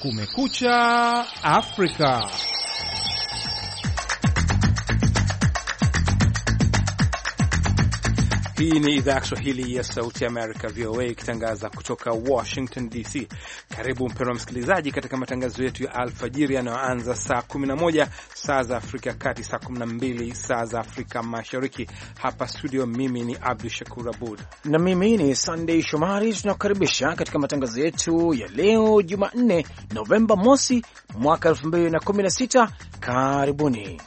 Kumekucha Afrika. Hii ni idhaa ya Kiswahili ya Sauti Amerika, VOA, ikitangaza kutoka Washington DC. Karibu mpendwa msikilizaji, katika matangazo yetu ya alfajiri yanayoanza saa 11 saa za Afrika Kati, saa 12 saa za Afrika Mashariki. Hapa studio, mimi ni Abdu Shakur Abud na mimi ni Sandei Shomari. Tunakukaribisha katika matangazo yetu ya leo Jumanne, Novemba mosi mwaka 2016. Karibuni.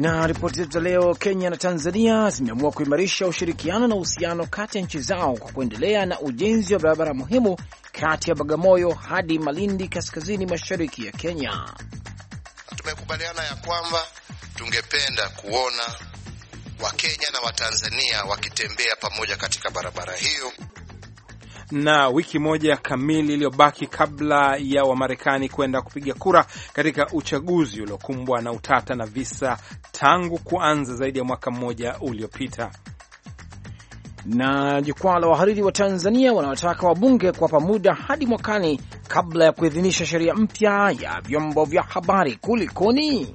Na ripoti zetu za leo, Kenya na Tanzania zimeamua kuimarisha ushirikiano na uhusiano kati ya nchi zao kwa kuendelea na ujenzi wa barabara muhimu kati ya Bagamoyo hadi Malindi, kaskazini mashariki ya Kenya. Tumekubaliana ya kwamba tungependa kuona Wakenya na Watanzania wakitembea pamoja katika barabara hiyo na wiki moja kamili iliyobaki kabla ya Wamarekani kwenda kupiga kura katika uchaguzi uliokumbwa na utata na visa tangu kuanza zaidi ya mwaka mmoja uliopita. Na jukwaa la wahariri wa Tanzania wanawataka wabunge kuwapa muda hadi mwakani kabla ya kuidhinisha sheria mpya ya vyombo vya habari. Kulikoni?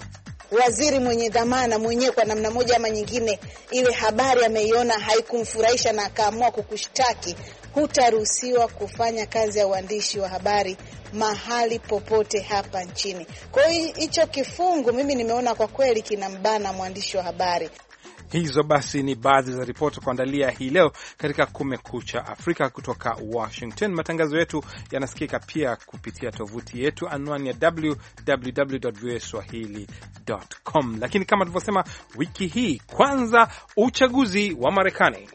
waziri mwenye dhamana mwenyewe kwa namna moja ama nyingine, ile habari ameiona haikumfurahisha na akaamua kukushtaki, hutaruhusiwa kufanya kazi ya uandishi wa habari mahali popote hapa nchini. Kwa hiyo hicho kifungu mimi nimeona kwa kweli kinambana mwandishi wa habari. Hizo basi ni baadhi za ripoti kuandalia hii leo katika Kumekucha Afrika kutoka Washington. Matangazo yetu yanasikika pia kupitia tovuti yetu, anwani ya swahili.com. Lakini kama tulivyosema wiki hii, kwanza uchaguzi wa Marekani.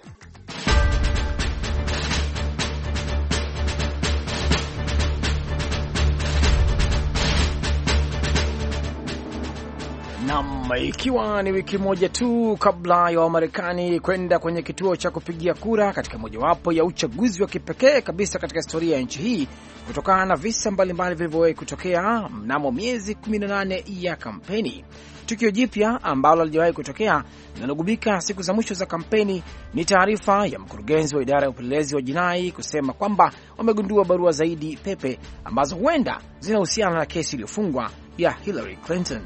ikiwa ni wiki moja tu kabla ya Wamarekani kwenda kwenye kituo cha kupigia kura katika mojawapo ya uchaguzi wa kipekee kabisa katika historia ya nchi hii kutokana na visa mbalimbali vilivyowahi kutokea mnamo miezi 18 ya kampeni. Tukio jipya ambalo halijawahi kutokea linalogubika siku za mwisho za kampeni ni taarifa ya mkurugenzi wa idara ya upelelezi wa jinai kusema kwamba wamegundua barua zaidi pepe ambazo huenda zinahusiana na kesi iliyofungwa ya Hillary Clinton.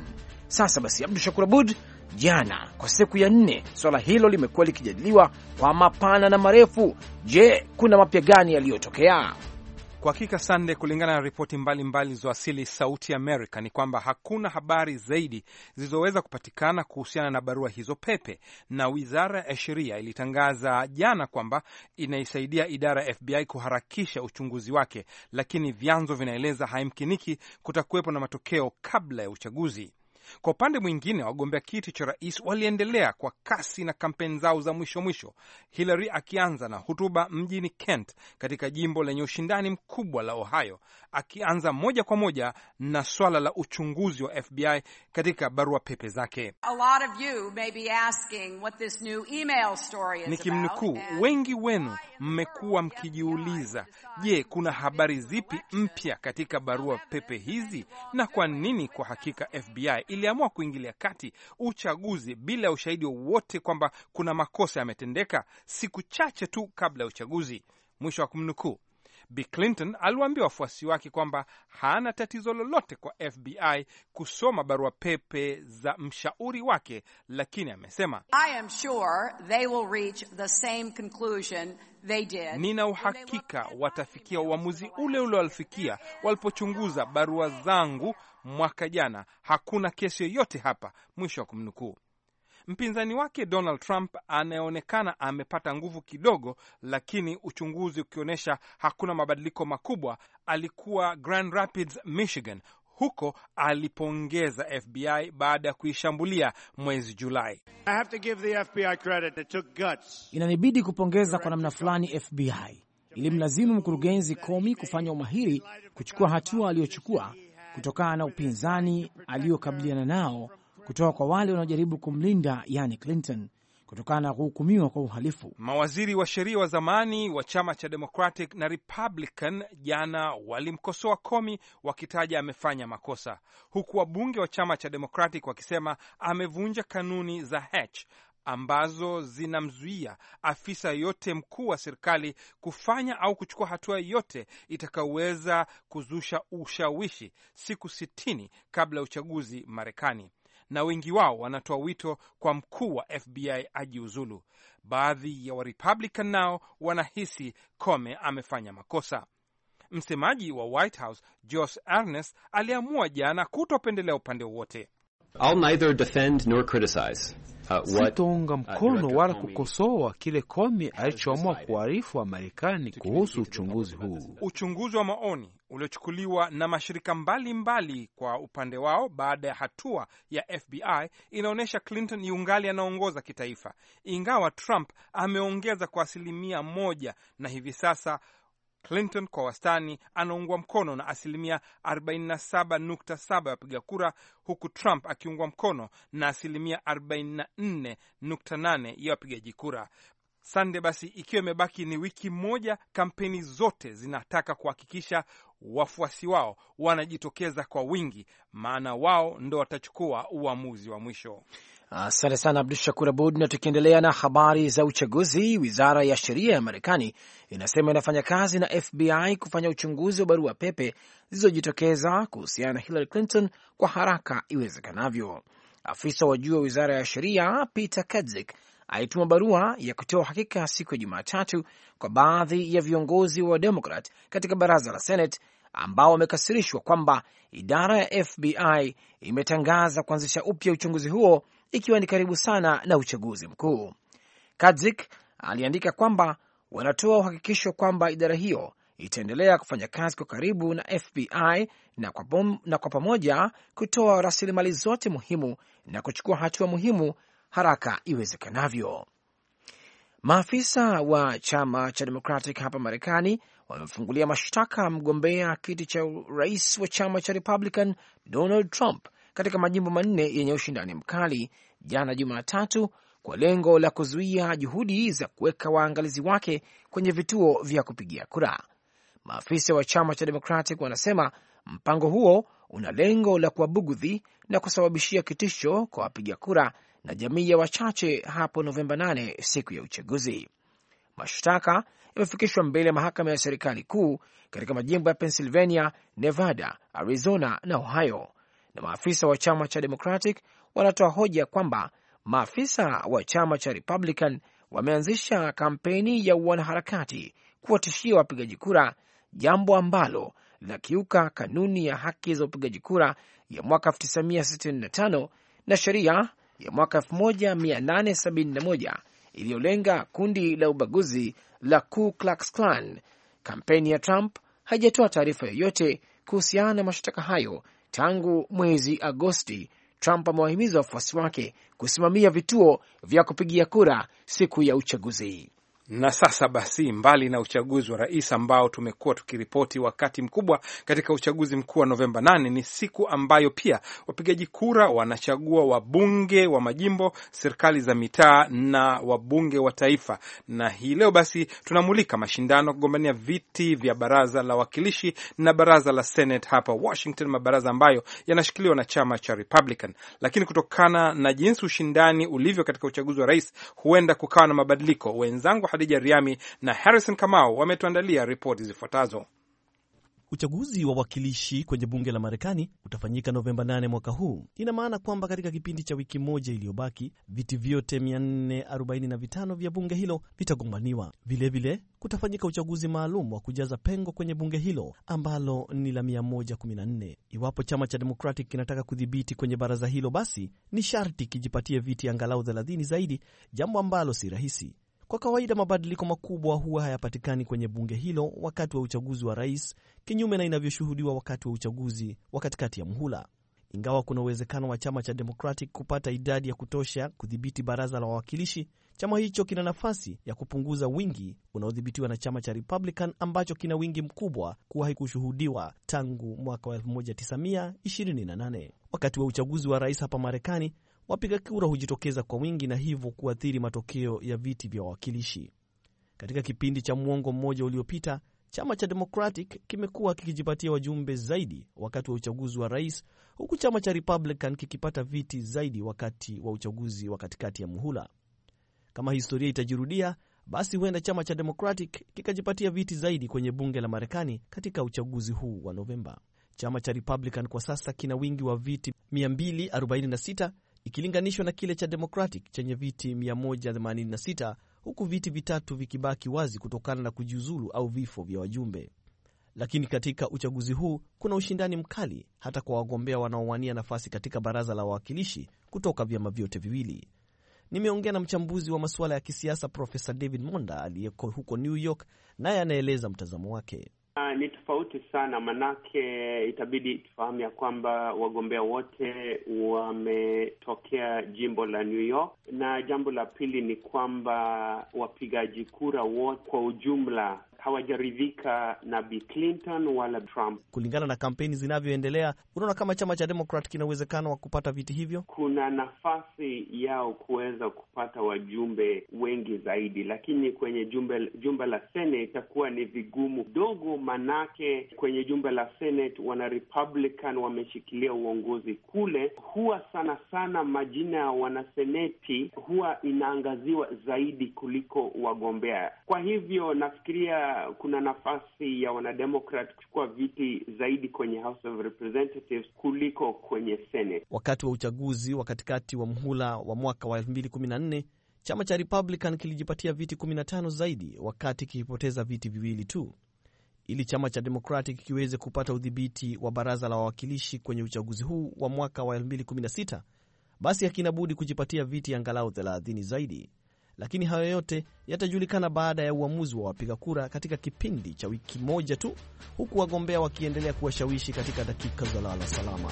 Sasa basi, Abdu Shakur Abud, jana kwa siku ya nne swala hilo limekuwa likijadiliwa kwa mapana na marefu. Je, kuna mapya gani yaliyotokea? Kwa hakika Sande, kulingana na ripoti mbalimbali zilizowasili Sauti Amerika ni kwamba hakuna habari zaidi zilizoweza kupatikana kuhusiana na barua hizo pepe, na wizara ya sheria ilitangaza jana kwamba inaisaidia idara ya FBI kuharakisha uchunguzi wake, lakini vyanzo vinaeleza haimkiniki kutakuwepo na matokeo kabla ya uchaguzi. Kwa upande mwingine, wagombea kiti cha rais waliendelea kwa kasi na kampeni zao za mwisho mwisho, Hillary akianza na hotuba mjini Kent katika jimbo lenye ushindani mkubwa la Ohio, akianza moja kwa moja na swala la uchunguzi wa FBI katika barua pepe zake. Nikimnukuu, wengi wenu mmekuwa mkijiuliza, je, kuna habari zipi mpya katika barua pepe hizi na kwa nini? Kwa hakika FBI iliamua kuingilia kati uchaguzi bila ya ushahidi wowote kwamba kuna makosa yametendeka, siku chache tu kabla ya uchaguzi. Mwisho wa kumnukuu. Bi Clinton aliwaambia wafuasi wake kwamba hana tatizo lolote kwa FBI kusoma barua pepe za mshauri wake, lakini amesema nina uhakika watafikia uamuzi ule ule walifikia walipochunguza barua zangu mwaka jana, hakuna kesi yoyote hapa, mwisho wa kumnukuu. Mpinzani wake Donald Trump anayeonekana amepata nguvu kidogo, lakini uchunguzi ukionyesha hakuna mabadiliko makubwa, alikuwa Grand Rapids, Michigan, huko alipongeza FBI baada ya kuishambulia mwezi Julai. Inanibidi kupongeza kwa namna fulani FBI, ilimlazimu mkurugenzi Comey kufanya umahiri kuchukua hatua aliyochukua kutokana na upinzani aliyokabiliana nao kutoka kwa wale wanaojaribu kumlinda, yani Clinton, kutokana na kuhukumiwa kwa uhalifu. Mawaziri wa sheria wa zamani wa chama cha Democratic na Republican jana walimkosoa Komi wakitaja amefanya makosa, huku wabunge wa chama cha Democratic wakisema amevunja kanuni za Hatch ambazo zinamzuia afisa yote mkuu wa serikali kufanya au kuchukua hatua yote itakayoweza kuzusha ushawishi siku sitini kabla ya uchaguzi Marekani na wengi wao wanatoa wito kwa mkuu wa FBI ajiuzulu. Baadhi ya Warepublican nao wanahisi Comey amefanya makosa. Msemaji wa White House Josh Earnest aliamua jana kutopendelea upande wowote. I'll neither defend nor criticize. Uh, uh mkono uh, wala kukosoa kile komi alichoamua kuarifu wa Marekani kuhusu uchunguzi huu. Uchunguzi wa maoni uliochukuliwa na mashirika mbalimbali mbali kwa upande wao baada ya hatua ya FBI inaonyesha Clinton yungali anaongoza kitaifa, ingawa Trump ameongeza kwa asilimia moja na hivi sasa Clinton kwa wastani anaungwa mkono na asilimia 47.7 ya wapiga kura, huku Trump akiungwa mkono na asilimia 44.8 ya wapigaji kura. Sande, basi ikiwa imebaki ni wiki moja, kampeni zote zinataka kuhakikisha wafuasi wao wanajitokeza kwa wingi, maana wao ndo watachukua uamuzi wa mwisho. Asante sana Abdu Shakur Abud. Na tukiendelea na habari za uchaguzi, wizara ya sheria ya Marekani inasema inafanya kazi na FBI kufanya uchunguzi wa barua pepe zilizojitokeza kuhusiana na Hillary Clinton kwa haraka iwezekanavyo. Afisa wa juu wa wizara ya sheria Peter Kadzik alituma barua ya kutoa uhakika siku ya Jumatatu kwa baadhi ya viongozi wa Demokrat katika baraza la Senate ambao wamekasirishwa kwamba idara ya FBI imetangaza kuanzisha upya uchunguzi huo ikiwa ni karibu sana na uchaguzi mkuu. Kadzik aliandika kwamba wanatoa uhakikisho kwamba idara hiyo itaendelea kufanya kazi kwa karibu na FBI na kwa, bom, na kwa pamoja kutoa rasilimali zote muhimu na kuchukua hatua muhimu haraka iwezekanavyo. Maafisa wa chama cha Democratic hapa Marekani wamefungulia mashtaka mgombea kiti cha rais wa chama cha Republican Donald Trump katika majimbo manne yenye ushindani mkali jana Jumatatu, kwa lengo la kuzuia juhudi za kuweka waangalizi wake kwenye vituo vya kupigia kura. Maafisa wa chama cha Democratic wanasema mpango huo una lengo la kuwabugudhi na kusababishia kitisho kwa wapiga kura na jamii ya wachache hapo Novemba 8, siku ya uchaguzi. Mashtaka yamefikishwa mbele ya mahakama ya serikali kuu katika majimbo ya Pennsylvania, Nevada, Arizona na Ohio, na maafisa wa chama cha Democratic wanatoa hoja kwamba maafisa wa chama cha Republican wameanzisha kampeni ya wanaharakati kuwatishia wapigaji kura, jambo ambalo linakiuka kanuni ya haki za upigaji kura ya mwaka 1965 na sheria ya mwaka 1871 iliyolenga kundi la ubaguzi la Ku Klux Klan. Kampeni ya Trump haijatoa taarifa yoyote kuhusiana na mashtaka hayo tangu mwezi Agosti. Trump amewahimiza wafuasi wake kusimamia vituo vya kupigia kura siku ya uchaguzi. Na sasa basi, mbali na uchaguzi wa rais ambao tumekuwa tukiripoti wakati mkubwa katika uchaguzi mkuu wa Novemba 8, ni siku ambayo pia wapigaji kura wanachagua wabunge wa majimbo, serikali za mitaa na wabunge wa taifa. Na hii leo basi tunamulika mashindano kugombania viti vya baraza la wawakilishi na baraza la Senate hapa Washington, mabaraza ambayo yanashikiliwa na chama cha Republican. Lakini kutokana na jinsi ushindani ulivyo katika uchaguzi wa rais, huenda kukawa na mabadiliko. Wenzangu Khadija Riami na Harrison Kamau wametuandalia ripoti zifuatazo. Uchaguzi wa wakilishi kwenye bunge la Marekani utafanyika Novemba 8 mwaka huu. Ina maana kwamba katika kipindi cha wiki moja iliyobaki, viti vyote 445 vya bunge hilo vitagombaniwa. Vilevile kutafanyika uchaguzi maalum wa kujaza pengo kwenye bunge hilo ambalo ni la 114. Iwapo chama cha Democratic kinataka kudhibiti kwenye baraza hilo, basi ni sharti kijipatie viti angalau 30 zaidi, jambo ambalo si rahisi. Kwa kawaida mabadiliko makubwa huwa hayapatikani kwenye bunge hilo wakati wa uchaguzi wa rais, kinyume na inavyoshuhudiwa wakati wa uchaguzi wa katikati ya muhula. Ingawa kuna uwezekano wa chama cha Democratic kupata idadi ya kutosha kudhibiti baraza la wawakilishi, chama hicho kina nafasi ya kupunguza wingi unaodhibitiwa na chama cha Republican ambacho kina wingi mkubwa kuwahi kushuhudiwa tangu mwaka wa 1928. Wakati wa uchaguzi wa rais hapa Marekani, wapiga kura hujitokeza kwa wingi na hivyo kuathiri matokeo ya viti vya wawakilishi. Katika kipindi cha mwongo mmoja uliopita, chama cha Democratic kimekuwa kikijipatia wajumbe zaidi wakati wa uchaguzi wa rais, huku chama cha Republican kikipata viti zaidi wakati wa uchaguzi wa katikati ya muhula. Kama historia itajirudia, basi huenda chama cha Democratic kikajipatia viti zaidi kwenye bunge la Marekani katika uchaguzi huu wa Novemba. Chama cha Republican kwa sasa kina wingi wa viti 246 ikilinganishwa na kile cha Democratic chenye viti 186 huku viti vitatu vikibaki wazi kutokana na kujiuzulu au vifo vya wajumbe. Lakini katika uchaguzi huu kuna ushindani mkali hata kwa wagombea wanaowania nafasi katika baraza la wawakilishi kutoka vyama vyote viwili. Nimeongea na mchambuzi wa masuala ya kisiasa Profesa David Monda aliyeko huko New York, naye anaeleza mtazamo wake. Uh, ni tofauti sana manake, itabidi tufahamu ya kwamba wagombea wote wametokea jimbo la New York, na jambo la pili ni kwamba wapigaji kura wote kwa ujumla hawajaridhika na Bi Clinton wala Trump. Kulingana na kampeni zinavyoendelea, unaona kama chama cha demokrat kina uwezekano wa kupata viti hivyo? Kuna nafasi yao kuweza kupata wajumbe wengi zaidi, lakini kwenye jumba la Senate itakuwa ni vigumu dogo, manake kwenye jumba la Senate wana Republican wameshikilia uongozi kule. Huwa sana sana majina ya wanaseneti huwa inaangaziwa zaidi kuliko wagombea, kwa hivyo nafikiria kuna nafasi ya wanademokrat kuchukua viti zaidi kwenye House of Representatives kuliko kwenye Senate. Wakati wa uchaguzi wa katikati wa mhula wa mwaka wa 214 chama cha Republican kilijipatia viti 15 zaidi wakati kikipoteza viti viwili tu ili chama cha Democratic kiweze kupata udhibiti wa baraza la wawakilishi kwenye uchaguzi huu wa mwaka wa 2016 basi hakinabudi kujipatia viti angalau 30 zaidi lakini hayo yote yatajulikana baada ya uamuzi wa wapiga kura katika kipindi cha wiki moja tu, huku wagombea wakiendelea kuwashawishi katika dakika za lala salama.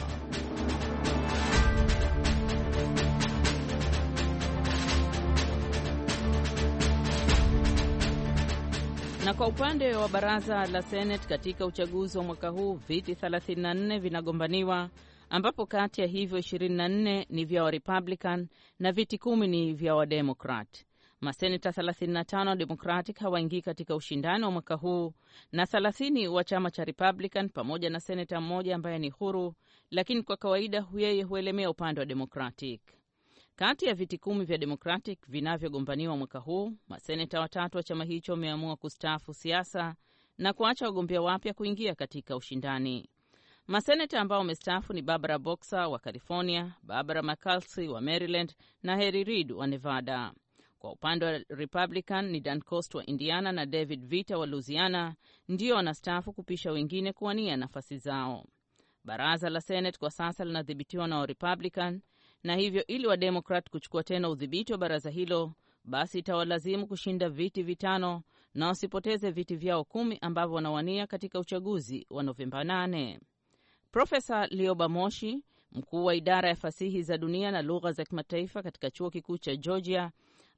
Na kwa upande wa baraza la Seneti, katika uchaguzi wa mwaka huu viti 34 vinagombaniwa ambapo kati ya hivyo 24 ni vya Warepublican na viti kumi ni vya Wademokrat. Maseneta 35 wa Democratic hawaingii katika ushindani wa mwaka huu na 30 wa chama cha Republican pamoja na seneta mmoja ambaye ni huru, lakini kwa kawaida yeye huelemea upande wa Democratic. Kati ya viti kumi vya Democratic vinavyogombaniwa mwaka huu, maseneta watatu wa chama hicho wameamua kustaafu siasa na kuacha wagombea wapya kuingia katika ushindani. Maseneta ambao wamestaafu ni Barbara Boxer wa California, Barbara McCarthy wa Maryland na Harry Reid wa Nevada. Kwa upande wa Republican ni Dan Cost wa Indiana na David Vita wa Louisiana ndio wanastaafu kupisha wengine kuwania nafasi zao. Baraza la Senate kwa sasa linadhibitiwa na Warepublican na hivyo ili Wademokrat kuchukua tena udhibiti wa baraza hilo, basi itawalazimu kushinda viti vitano na wasipoteze viti vyao kumi ambavyo wanawania katika uchaguzi wa Novemba 8. Profesa Lioba Moshi, mkuu wa idara ya fasihi za dunia na lugha za kimataifa katika chuo kikuu cha Georgia,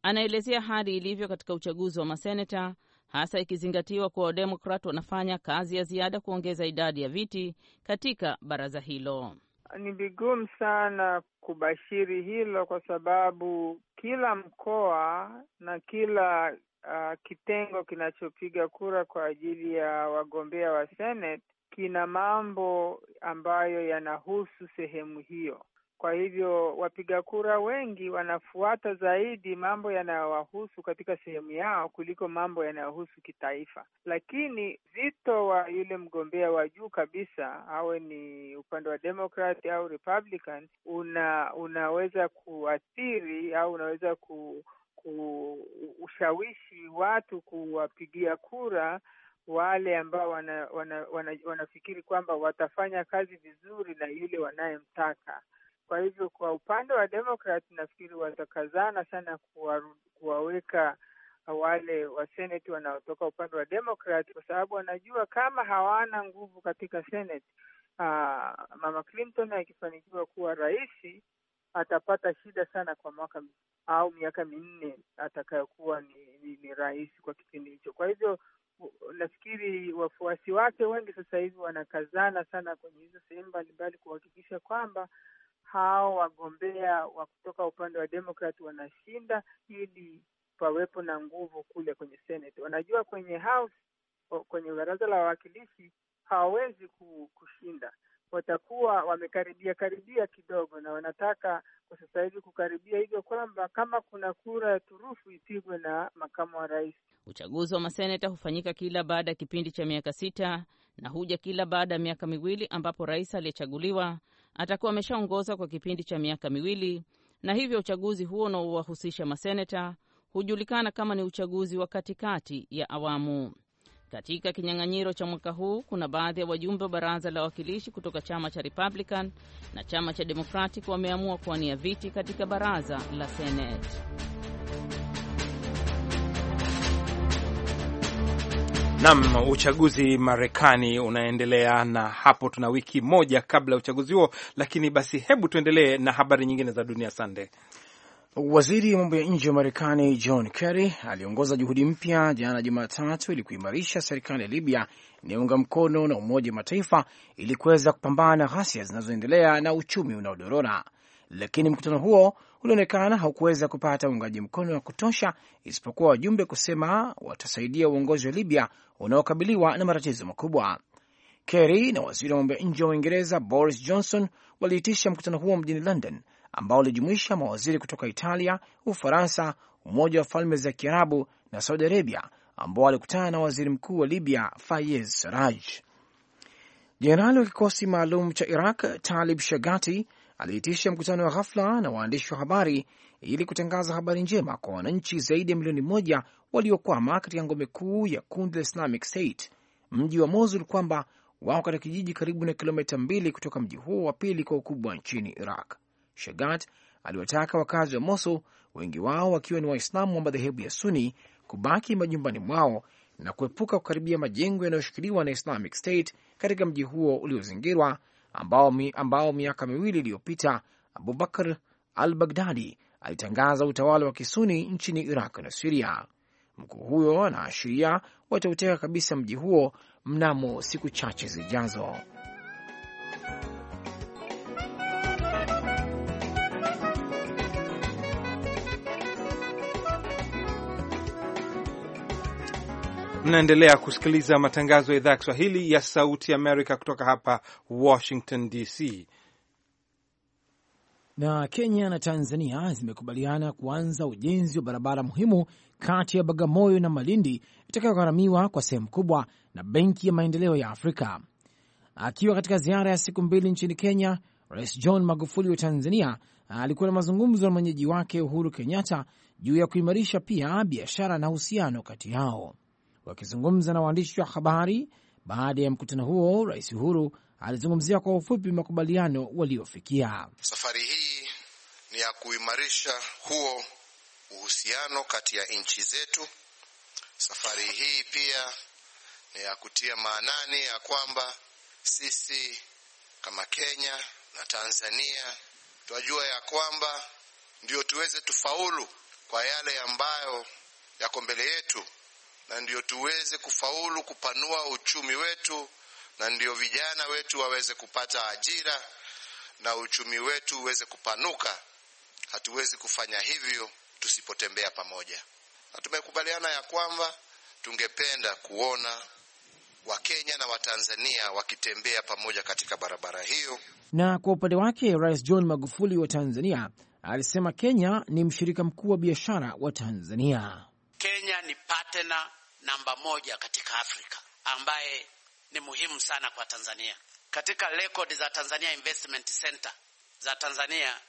Anaelezea hali ilivyo katika uchaguzi wa maseneta, hasa ikizingatiwa kuwa Wademokrat wanafanya kazi ya ziada kuongeza idadi ya viti katika baraza hilo. Ni vigumu sana kubashiri hilo kwa sababu kila mkoa na kila uh, kitengo kinachopiga kura kwa ajili ya wagombea wa Senate kina mambo ambayo yanahusu sehemu hiyo. Kwa hivyo wapiga kura wengi wanafuata zaidi mambo yanayowahusu katika sehemu yao kuliko mambo yanayohusu kitaifa. Lakini zito wa yule mgombea wa juu kabisa, awe ni upande wa Democrat au Republican, una unaweza kuathiri au unaweza ku, ku ushawishi watu kuwapigia kura wale ambao wanafikiri wana, wana, wana kwamba watafanya kazi vizuri na yule wanayemtaka. Kwa hivyo kwa upande wa Demokrat nafikiri watakazana sana kuwaweka wale waseneti wanaotoka upande wa demokrat kwa sababu wanajua kama hawana nguvu katika Senate. uh, Mama Clinton akifanikiwa kuwa rais atapata shida sana kwa mwaka au miaka minne atakayokuwa ni, ni, ni rais kwa kipindi hicho. Kwa hivyo nafikiri wafuasi wake wengi sasa hivi wanakazana sana kwenye hizo sehemu mbalimbali kuhakikisha kwamba hao wagombea wa kutoka upande wa Demokrat wanashinda ili pawepo na nguvu kule kwenye Senate. Wanajua kwenye House, kwenye baraza la wawakilishi hawawezi kushinda, watakuwa wamekaribia karibia kidogo, na wanataka kwa sasa hivi kukaribia hivyo kwamba kama kuna kura ya turufu ipigwe na makamu wa rais. Uchaguzi wa maseneta hufanyika kila baada ya kipindi cha miaka sita na huja kila baada ya miaka miwili ambapo rais aliyechaguliwa atakuwa ameshaongoza kwa kipindi cha miaka miwili, na hivyo uchaguzi huo unaowahusisha maseneta hujulikana kama ni uchaguzi wa katikati ya awamu. Katika kinyang'anyiro cha mwaka huu kuna baadhi ya wajumbe wa baraza la wawakilishi kutoka chama cha Republican na chama cha Democratic wameamua kuwania viti katika baraza la Senate. Nam, uchaguzi Marekani unaendelea na hapo tuna wiki moja kabla ya uchaguzi huo, lakini basi hebu tuendelee na habari nyingine za dunia. Sande. Waziri wa mambo ya nje wa Marekani John Kerry aliongoza juhudi mpya jana Jumatatu ili kuimarisha serikali ya Libya inayounga mkono na Umoja wa Mataifa ili kuweza kupambana na ghasia zinazoendelea na uchumi unaodorora, lakini mkutano huo ulionekana haukuweza kupata uungaji mkono wa kutosha, isipokuwa wajumbe kusema watasaidia uongozi wa Libya unaokabiliwa na matatizo makubwa. Kerry na waziri wa mambo ya nje wa Uingereza Boris Johnson waliitisha mkutano huo mjini London ambao ulijumuisha mawaziri kutoka Italia, Ufaransa, Umoja wa Falme za Kiarabu na Saudi Arabia ambao walikutana na waziri mkuu wa Libya Fayez Saraj. Jenerali wa kikosi maalum cha Iraq Talib Shagati aliitisha mkutano wa ghafla na waandishi wa habari ili kutangaza habari njema kwa wananchi zaidi ya milioni moja waliokwama katika ngome kuu ya kundi la Islamic State mji wa Mosul kwamba wao katika kijiji karibu na kilomita mbili kutoka mji huo wa pili kwa ukubwa nchini Iraq. Shagat aliwataka wakazi wa Mosul, wengi wao wakiwa ni Waislamu wa madhehebu ya Suni, kubaki majumbani mwao na kuepuka kukaribia majengo yanayoshikiliwa na Islamic State katika mji huo uliozingirwa ambao, mi, ambao miaka miwili iliyopita Abubakar al-Baghdadi alitangaza utawala wa kisuni nchini Iraq na Siria. Mkuu huyo anaashiria watauteka kabisa mji huo mnamo siku chache zijazo. Mnaendelea kusikiliza matangazo ya idhaa ya Kiswahili ya Sauti Amerika kutoka hapa Washington DC. Na Kenya na Tanzania zimekubaliana kuanza ujenzi wa barabara muhimu kati ya Bagamoyo na Malindi itakayogharamiwa kwa sehemu kubwa na Benki ya Maendeleo ya Afrika. Akiwa katika ziara ya siku mbili nchini Kenya, Rais John Magufuli wa Tanzania alikuwa na mazungumzo na mwenyeji wake Uhuru Kenyatta juu ya kuimarisha pia biashara na uhusiano kati yao. Wakizungumza na waandishi wa habari baada ya mkutano huo, Rais Uhuru alizungumzia kwa ufupi makubaliano waliofikia. Safari hii ni ya kuimarisha huo uhusiano kati ya nchi zetu. Safari hii pia ni ya kutia maanani ya kwamba sisi kama Kenya na Tanzania twajua ya kwamba ndio tuweze tufaulu kwa yale ambayo yako mbele yetu na ndio tuweze kufaulu kupanua uchumi wetu, na ndio vijana wetu waweze kupata ajira na uchumi wetu uweze kupanuka. Hatuwezi kufanya hivyo tusipotembea pamoja, na tumekubaliana ya kwamba tungependa kuona Wakenya na Watanzania wakitembea pamoja katika barabara hiyo. Na kwa upande wake, Rais John Magufuli wa Tanzania alisema Kenya ni mshirika mkuu wa biashara wa Tanzania ni partner namba moja katika Afrika ambaye ni muhimu sana kwa Tanzania. Katika record za Tanzania Investment Center za Tanzania,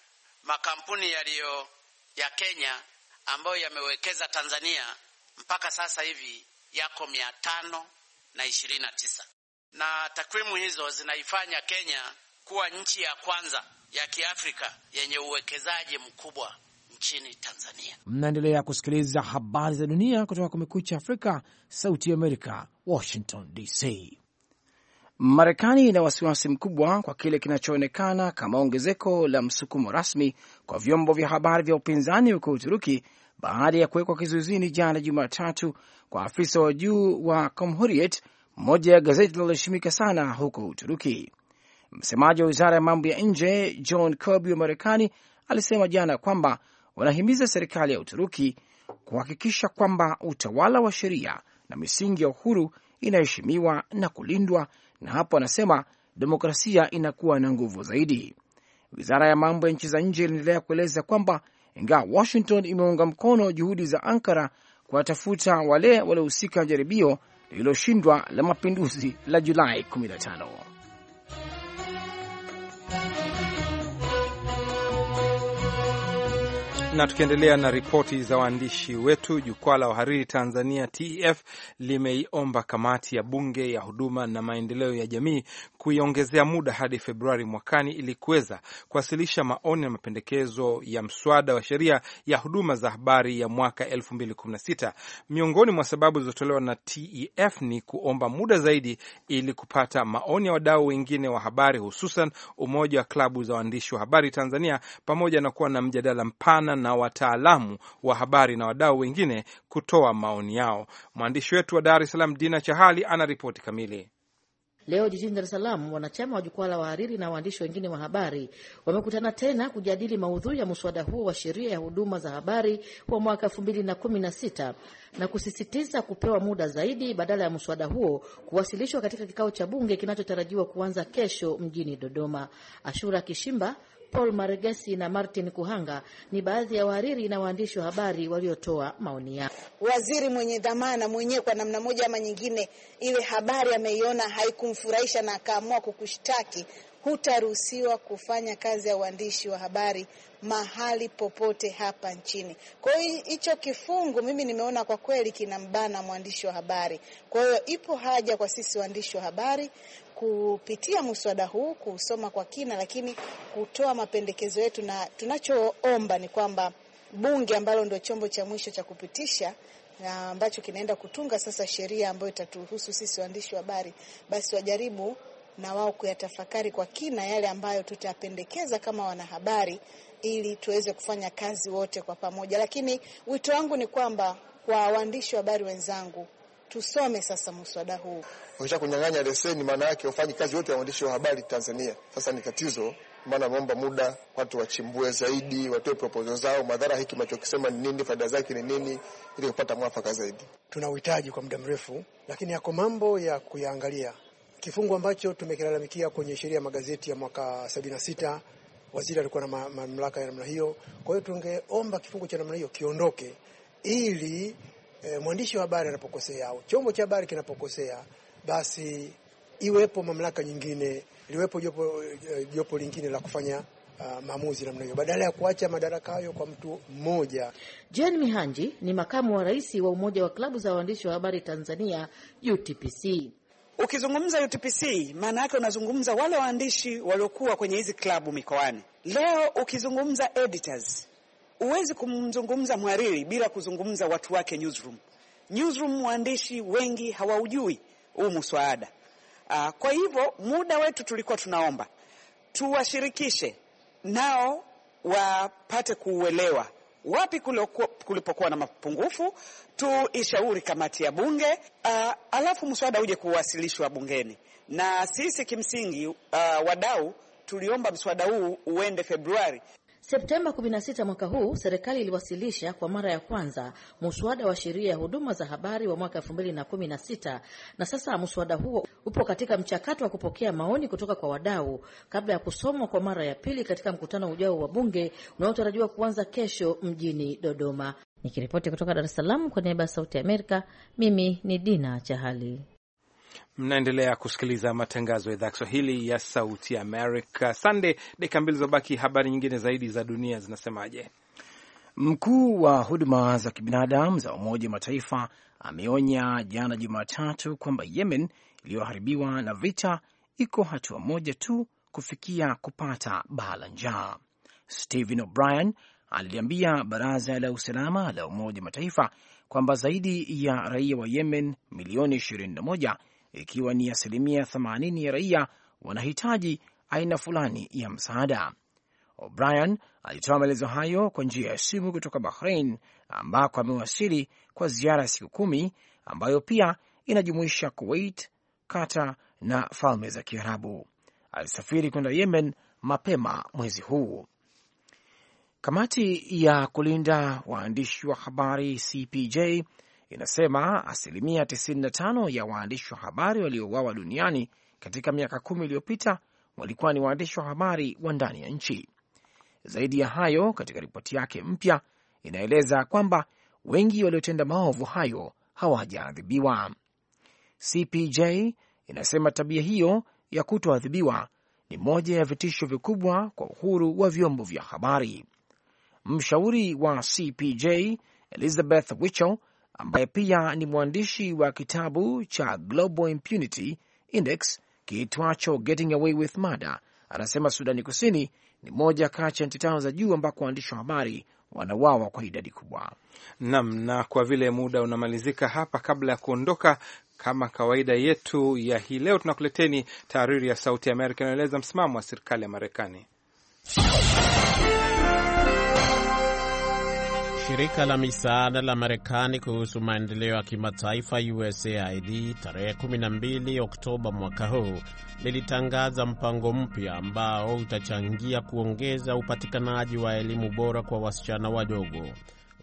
makampuni yaliyo ya Kenya ambayo yamewekeza Tanzania mpaka sasa hivi yako mia tano na ishirini na tisa na takwimu hizo zinaifanya Kenya kuwa nchi ya kwanza ya Kiafrika yenye uwekezaji mkubwa nchini Tanzania. Mnaendelea kusikiliza habari za dunia kutoka Kumekucha Afrika, Sauti ya Amerika, Washington DC. Marekani ina wasiwasi mkubwa kwa kile kinachoonekana kama ongezeko la msukumo rasmi kwa vyombo vya habari vya upinzani huko Uturuki baada ya kuwekwa kizuizini jana Jumatatu kwa afisa wa juu wa Cumhuriyet, mmoja ya gazeti linaloheshimika sana huko Uturuki. Msemaji wa wizara ya mambo ya nje John Kirby wa Marekani alisema jana kwamba wanahimiza serikali ya Uturuki kuhakikisha kwamba utawala wa sheria na misingi ya uhuru inaheshimiwa na kulindwa, na hapo anasema demokrasia inakuwa na nguvu zaidi. Wizara ya mambo ya nchi za nje inaendelea kueleza kwamba ingawa Washington imeunga mkono juhudi za Ankara kuwatafuta wale waliohusika na jaribio lililoshindwa la mapinduzi la Julai 15. Na tukiendelea na ripoti za waandishi wetu, jukwaa la wahariri Tanzania TEF limeiomba kamati ya bunge ya huduma na maendeleo ya jamii kuiongezea muda hadi Februari mwakani ili kuweza kuwasilisha maoni na mapendekezo ya mswada wa sheria ya huduma za habari ya mwaka 2016. Miongoni mwa sababu zilizotolewa na TEF ni kuomba muda zaidi ili kupata maoni ya wadau wengine wa habari, hususan umoja wa klabu za waandishi wa habari Tanzania, pamoja na kuwa na mjadala mpana na wataalamu wa habari na wadau wengine kutoa maoni yao. Mwandishi wetu wa Dar es Salaam, Dina Chahali, ana ripoti kamili. Leo jijini Dar es Salaam, wanachama wa jukwaa la wahariri na waandishi wengine wa habari wamekutana tena kujadili maudhui ya muswada huo wa sheria ya huduma za habari wa mwaka elfu mbili na kumi na sita na kusisitiza kupewa muda zaidi badala ya muswada huo kuwasilishwa katika kikao cha bunge kinachotarajiwa kuanza kesho mjini Dodoma. Ashura Kishimba Paul Maregesi na Martin Kuhanga ni baadhi ya wahariri na waandishi wa habari waliotoa maoni yao. Waziri mwenye dhamana mwenyewe, kwa namna moja ama nyingine, ile habari ameiona haikumfurahisha na akaamua kukushtaki hutaruhusiwa kufanya kazi ya uandishi wa habari mahali popote hapa nchini. Kwa hiyo hicho kifungu mimi nimeona kwa kweli kinambana mwandishi wa habari. Kwa hiyo ipo haja kwa sisi waandishi wa habari kupitia muswada huu kusoma kwa kina, lakini kutoa mapendekezo yetu, na tunachoomba ni kwamba bunge ambalo ndio chombo cha mwisho cha kupitisha na ambacho kinaenda kutunga sasa sheria ambayo itatuhusu sisi waandishi wa habari, basi wajaribu na wao kuyatafakari kwa kina yale ambayo tutapendekeza kama wanahabari, ili tuweze kufanya kazi wote kwa pamoja. Lakini wito wangu ni kwamba kwa waandishi wa habari wenzangu tusome sasa muswada huu. Ukisha kunyang'anya leseni, maana yake ufanyi kazi wote ya waandishi wa habari Tanzania. Sasa ni tatizo, maana naomba muda watu wachimbue zaidi, watoe proposal zao, madhara hiki mnachokisema ni nini, faida zake ni nini, ili kupata mwafaka zaidi. Tuna uhitaji kwa muda mrefu, lakini yako mambo ya kuyaangalia kifungu ambacho tumekilalamikia kwenye sheria ya magazeti ya mwaka sita waziri alikuwa na mamlaka ya namna hiyo. Kwa hiyo tungeomba kifungu cha namna hiyo kiondoke, ili e, mwandishi wa habari anapokosea au chombo cha habari kinapokosea, basi iwepo mamlaka nyingine, liwepo jopo, eh, jopo lingine la kufanya Uh, maamuzi namna hiyo badala ya kuacha madaraka hayo kwa mtu mmoja. Jane Mihanji ni makamu wa rais wa Umoja wa Klabu za Waandishi wa Habari Tanzania UTPC. Ukizungumza UTPC maana yake unazungumza wale waandishi waliokuwa kwenye hizi klabu mikoani. Leo ukizungumza editors, huwezi kumzungumza mhariri bila kuzungumza watu wake newsroom. Newsroom waandishi wengi hawaujui huu muswada. Ah, kwa hivyo muda wetu tulikuwa tunaomba tuwashirikishe nao wapate kuuelewa wapi kulipokuwa na mapungufu, tuishauri kamati ya bunge uh, alafu mswada uje kuwasilishwa bungeni. Na sisi kimsingi, uh, wadau tuliomba mswada huu uende Februari. Septemba 16 mwaka huu serikali iliwasilisha kwa mara ya kwanza muswada wa sheria ya huduma za habari wa mwaka 2016 na sasa muswada huo upo katika mchakato wa kupokea maoni kutoka kwa wadau kabla ya kusomwa kwa mara ya pili katika mkutano ujao wa bunge unaotarajiwa kuanza kesho mjini Dodoma. Nikiripoti kutoka Dar es Salaam kwa niaba ya Sauti ya Amerika, mimi ni Dina Chahali. Mnaendelea kusikiliza matangazo ya idhaa Kiswahili ya Sauti ya Amerika. Sande, dakika mbili zobaki. Habari nyingine zaidi za dunia zinasemaje? Mkuu wa huduma za kibinadamu za Umoja wa Mataifa ameonya jana Jumatatu kwamba Yemen iliyoharibiwa na vita iko hatua moja tu kufikia kupata baa la njaa. Stephen O'Brien aliliambia Baraza la Usalama la Umoja wa Mataifa kwamba zaidi ya raia wa Yemen milioni 21 ikiwa ni asilimia 80 ya raia wanahitaji aina fulani ya msaada. O'Brien alitoa maelezo hayo kwa njia ya simu kutoka Bahrain ambako amewasili kwa ziara ya siku kumi ambayo pia inajumuisha Kuwait, Qatar na Falme za Kiarabu. Alisafiri kwenda Yemen mapema mwezi huu. Kamati ya kulinda waandishi wa habari CPJ inasema asilimia 95 ya waandishi wa habari waliouawa duniani katika miaka kumi iliyopita walikuwa ni waandishi wa habari wa ndani ya nchi. Zaidi ya hayo, katika ripoti yake mpya inaeleza kwamba wengi waliotenda maovu hayo hawajaadhibiwa. CPJ inasema tabia hiyo ya kutoadhibiwa ni moja ya vitisho vikubwa kwa uhuru wa vyombo vya habari. Mshauri wa CPJ Elizabeth Wichel ambaye pia ni mwandishi wa kitabu cha Global Impunity Index kiitwacho Getting Away with Murder, anasema Sudani Kusini ni moja kati ya nchi tano za juu ambako waandishi wa habari wanawawa kwa idadi kubwa. Naam, na kwa vile muda unamalizika hapa, kabla ya kuondoka, kama kawaida yetu ya hii leo, tunakuleteni tahariri ya Sauti ya Amerika inayoeleza msimamo wa serikali ya Marekani. Shirika la misaada la Marekani kuhusu maendeleo ya kimataifa USAID tarehe 12 Oktoba mwaka huu lilitangaza mpango mpya ambao utachangia kuongeza upatikanaji wa elimu bora kwa wasichana wadogo.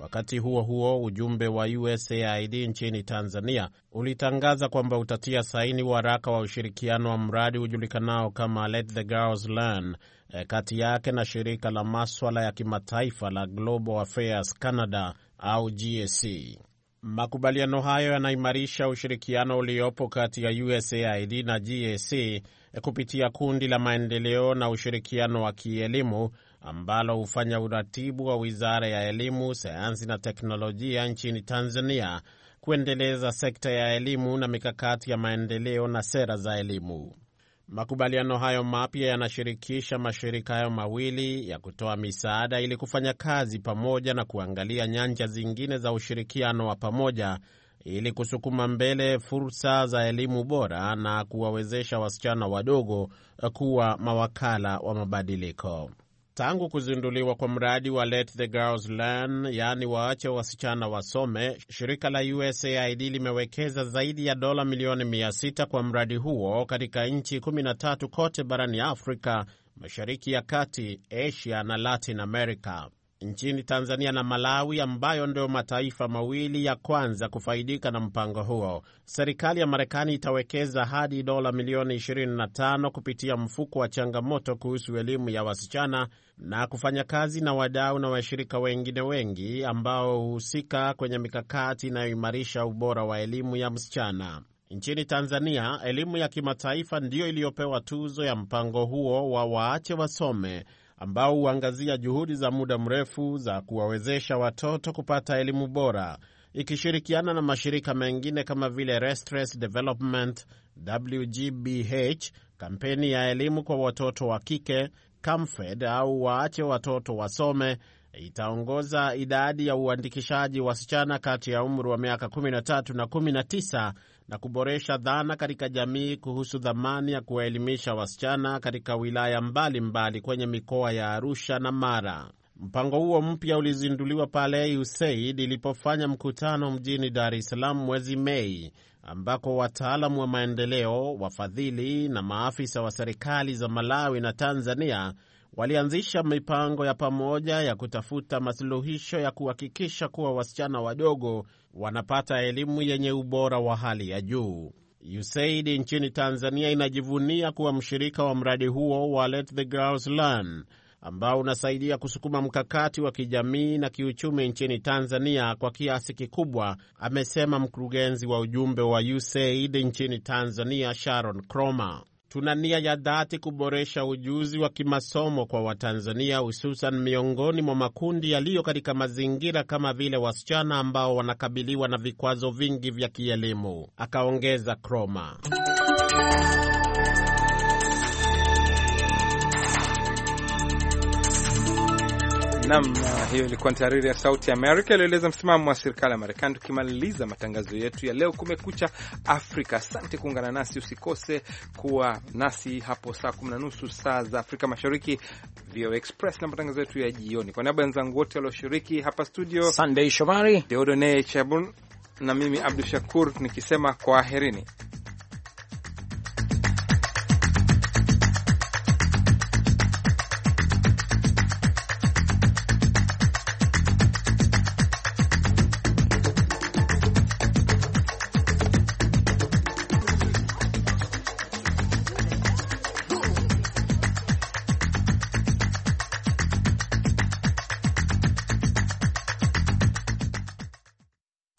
Wakati huo huo, ujumbe wa USAID nchini Tanzania ulitangaza kwamba utatia saini waraka wa ushirikiano wa mradi ujulikanao kama Let the Girls Learn E, kati yake na shirika la maswala ya kimataifa la Global Affairs Canada au GAC. Makubaliano hayo yanaimarisha ushirikiano uliopo kati ya USAID na GAC e, kupitia kundi la maendeleo na ushirikiano wa kielimu ambalo hufanya uratibu wa Wizara ya Elimu, Sayansi na Teknolojia nchini Tanzania kuendeleza sekta ya elimu na mikakati ya maendeleo na sera za elimu. Makubaliano hayo mapya yanashirikisha mashirika hayo mawili ya kutoa misaada ili kufanya kazi pamoja na kuangalia nyanja zingine za ushirikiano wa pamoja ili kusukuma mbele fursa za elimu bora na kuwawezesha wasichana wadogo kuwa mawakala wa mabadiliko. Tangu kuzinduliwa kwa mradi wa Let the Girls Learn, yaani waache wasichana wasome, shirika la USAID limewekeza zaidi ya dola milioni 600 kwa mradi huo katika nchi 13 kote barani Afrika, Mashariki ya Kati, Asia na Latin America nchini Tanzania na Malawi ambayo ndio mataifa mawili ya kwanza kufaidika na mpango huo. Serikali ya Marekani itawekeza hadi dola milioni 25 kupitia mfuko wa changamoto kuhusu elimu ya wasichana na kufanya kazi na wadau na washirika wengine wengi ambao huhusika kwenye mikakati inayoimarisha ubora wa elimu ya msichana. Nchini Tanzania, elimu ya kimataifa ndiyo iliyopewa tuzo ya mpango huo wa waache wasome ambao huangazia juhudi za muda mrefu za kuwawezesha watoto kupata elimu bora, ikishirikiana na mashirika mengine kama vile Restless Development, WGBH, kampeni ya elimu kwa watoto wa kike, Camfed au waache watoto wasome itaongoza idadi ya uandikishaji wasichana kati ya umri wa miaka 13 na 19 na kuboresha dhana katika jamii kuhusu dhamani ya kuwaelimisha wasichana katika wilaya mbalimbali mbali kwenye mikoa ya Arusha na Mara. Mpango huo mpya ulizinduliwa pale USAID ilipofanya mkutano mjini Dar es Salaam mwezi Mei, ambako wataalamu wa maendeleo, wafadhili na maafisa wa serikali za Malawi na Tanzania walianzisha mipango ya pamoja ya kutafuta masuluhisho ya kuhakikisha kuwa wasichana wadogo wanapata elimu yenye ubora wa hali ya juu. USAID nchini Tanzania inajivunia kuwa mshirika wa mradi huo wa Let the Girls Learn ambao unasaidia kusukuma mkakati wa kijamii na kiuchumi nchini Tanzania kwa kiasi kikubwa, amesema mkurugenzi wa ujumbe wa USAID nchini Tanzania Sharon cromer tuna nia ya dhati kuboresha ujuzi wa kimasomo kwa Watanzania, hususan miongoni mwa makundi yaliyo katika mazingira kama vile wasichana ambao wanakabiliwa na vikwazo vingi vya kielimu, akaongeza Kroma. Nam, hiyo ilikuwa ni tahariri ya Sauti ya Amerika iliyoeleza msimamo wa serikali ya Marekani. Tukimaliza matangazo yetu ya leo, Kumekucha Afrika, asante kuungana nasi. Usikose kuwa nasi hapo saa kumi na nusu saa za Afrika Mashariki, VOA Express na matangazo yetu ya jioni. Kwa niaba ya wenzangu wote walioshiriki hapa studio, Sandei Shomari, Deodone Chabun na mimi Abdu Shakur nikisema kwaherini.